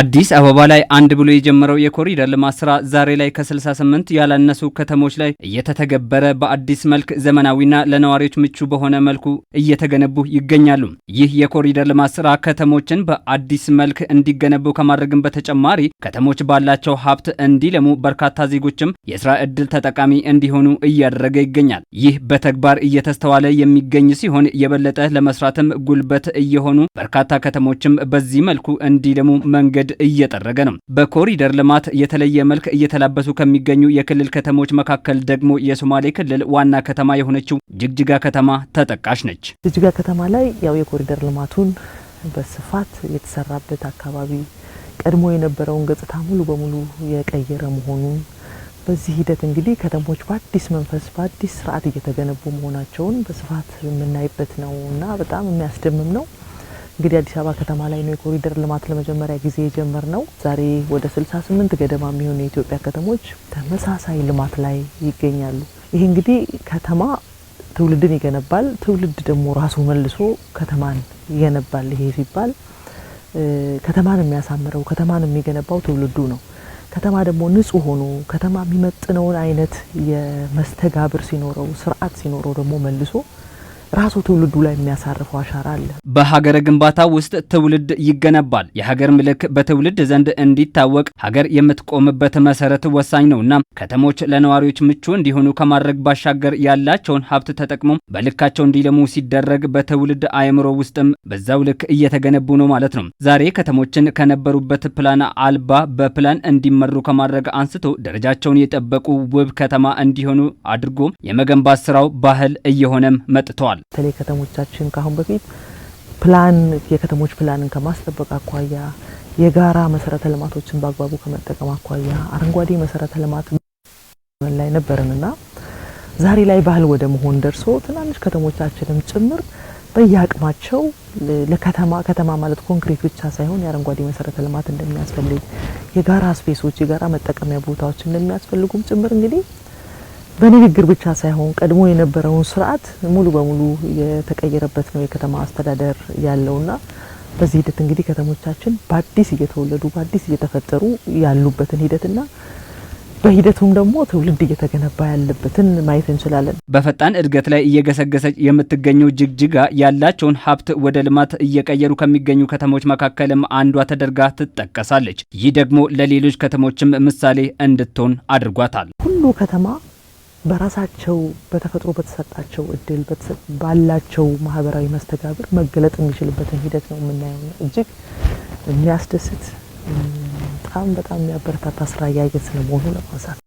አዲስ አበባ ላይ አንድ ብሎ የጀመረው የኮሪደር ልማት ስራ ዛሬ ላይ ከ68 ያላነሱ ከተሞች ላይ እየተተገበረ በአዲስ መልክ ዘመናዊና ለነዋሪዎች ምቹ በሆነ መልኩ እየተገነቡ ይገኛሉ። ይህ የኮሪደር ልማት ስራ ከተሞችን በአዲስ መልክ እንዲገነቡ ከማድረግም በተጨማሪ ከተሞች ባላቸው ሀብት እንዲለሙ፣ በርካታ ዜጎችም የስራ እድል ተጠቃሚ እንዲሆኑ እያደረገ ይገኛል። ይህ በተግባር እየተስተዋለ የሚገኝ ሲሆን የበለጠ ለመስራትም ጉልበት እየሆኑ በርካታ ከተሞችም በዚህ መልኩ እንዲለሙ መንገድ መንገድ እየጠረገ ነው። በኮሪደር ልማት የተለየ መልክ እየተላበሱ ከሚገኙ የክልል ከተሞች መካከል ደግሞ የሶማሌ ክልል ዋና ከተማ የሆነችው ጅግጅጋ ከተማ ተጠቃሽ ነች። ጅግጅጋ ከተማ ላይ ያው የኮሪደር ልማቱን በስፋት የተሰራበት አካባቢ ቀድሞ የነበረውን ገጽታ ሙሉ በሙሉ የቀየረ መሆኑን በዚህ ሂደት እንግዲህ ከተሞች በአዲስ መንፈስ በአዲስ ስርዓት እየተገነቡ መሆናቸውን በስፋት የምናይበት ነው እና በጣም የሚያስደምም ነው። እንግዲህ አዲስ አበባ ከተማ ላይ ነው የኮሪደር ልማት ለመጀመሪያ ጊዜ የጀመር ነው። ዛሬ ወደ 68 ገደማ የሚሆኑ የኢትዮጵያ ከተሞች ተመሳሳይ ልማት ላይ ይገኛሉ። ይህ እንግዲህ ከተማ ትውልድን ይገነባል፣ ትውልድ ደግሞ ራሱ መልሶ ከተማን ይገነባል። ይሄ ሲባል ከተማን የሚያሳምረው ከተማን የሚገነባው ትውልዱ ነው። ከተማ ደግሞ ንጹህ ሆኖ ከተማ የሚመጥነውን አይነት የመስተጋብር ሲኖረው ስርዓት ሲኖረው ደግሞ መልሶ ራሱ ትውልዱ ላይ የሚያሳርፈው አሻራ አለ። በሀገረ ግንባታ ውስጥ ትውልድ ይገነባል። የሀገር ምልክ በትውልድ ዘንድ እንዲታወቅ ሀገር የምትቆምበት መሰረት ወሳኝ ነውና ከተሞች ለነዋሪዎች ምቹ እንዲሆኑ ከማድረግ ባሻገር ያላቸውን ሀብት ተጠቅሞ በልካቸው እንዲለሙ ሲደረግ በትውልድ አእምሮ ውስጥም በዛው ልክ እየተገነቡ ነው ማለት ነው። ዛሬ ከተሞችን ከነበሩበት ፕላን አልባ በፕላን እንዲመሩ ከማድረግ አንስቶ ደረጃቸውን የጠበቁ ውብ ከተማ እንዲሆኑ አድርጎ የመገንባት ስራው ባህል እየሆነም መጥተዋል። ተናግረዋል። በተለይ ከተሞቻችን ከአሁን በፊት ፕላን የከተሞች ፕላንን ከማስጠበቅ አኳያ፣ የጋራ መሰረተ ልማቶችን በአግባቡ ከመጠቀም አኳያ አረንጓዴ መሰረተ ልማት ላይ ነበርንና ዛሬ ላይ ባህል ወደ መሆን ደርሶ ትናንሽ ከተሞቻችንም ጭምር በየአቅማቸው ለከተማ ከተማ ማለት ኮንክሪት ብቻ ሳይሆን የአረንጓዴ መሰረተ ልማት እንደሚያስፈልግ የጋራ ስፔሶች፣ የጋራ መጠቀሚያ ቦታዎች እንደሚያስፈልጉም ጭምር እንግዲህ በንግግር ብቻ ሳይሆን ቀድሞ የነበረውን ስርዓት ሙሉ በሙሉ የተቀየረበት ነው የከተማ አስተዳደር ያለውና በዚህ ሂደት እንግዲህ ከተሞቻችን በአዲስ እየተወለዱ በአዲስ እየተፈጠሩ ያሉበትን ሂደትና በሂደቱም ደግሞ ትውልድ እየተገነባ ያለበትን ማየት እንችላለን። በፈጣን እድገት ላይ እየገሰገሰች የምትገኘው ጅግጅጋ ያላቸውን ሀብት ወደ ልማት እየቀየሩ ከሚገኙ ከተሞች መካከልም አንዷ ተደርጋ ትጠቀሳለች። ይህ ደግሞ ለሌሎች ከተሞችም ምሳሌ እንድትሆን አድርጓታል። ሁሉ ከተማ በራሳቸው በተፈጥሮ በተሰጣቸው እድል ባላቸው ማህበራዊ መስተጋብር መገለጥ የሚችልበትን ሂደት ነው የምናየው። እጅግ የሚያስደስት በጣም በጣም የሚያበረታታ ስራ እያየት ስለመሆኑ ለማንሳት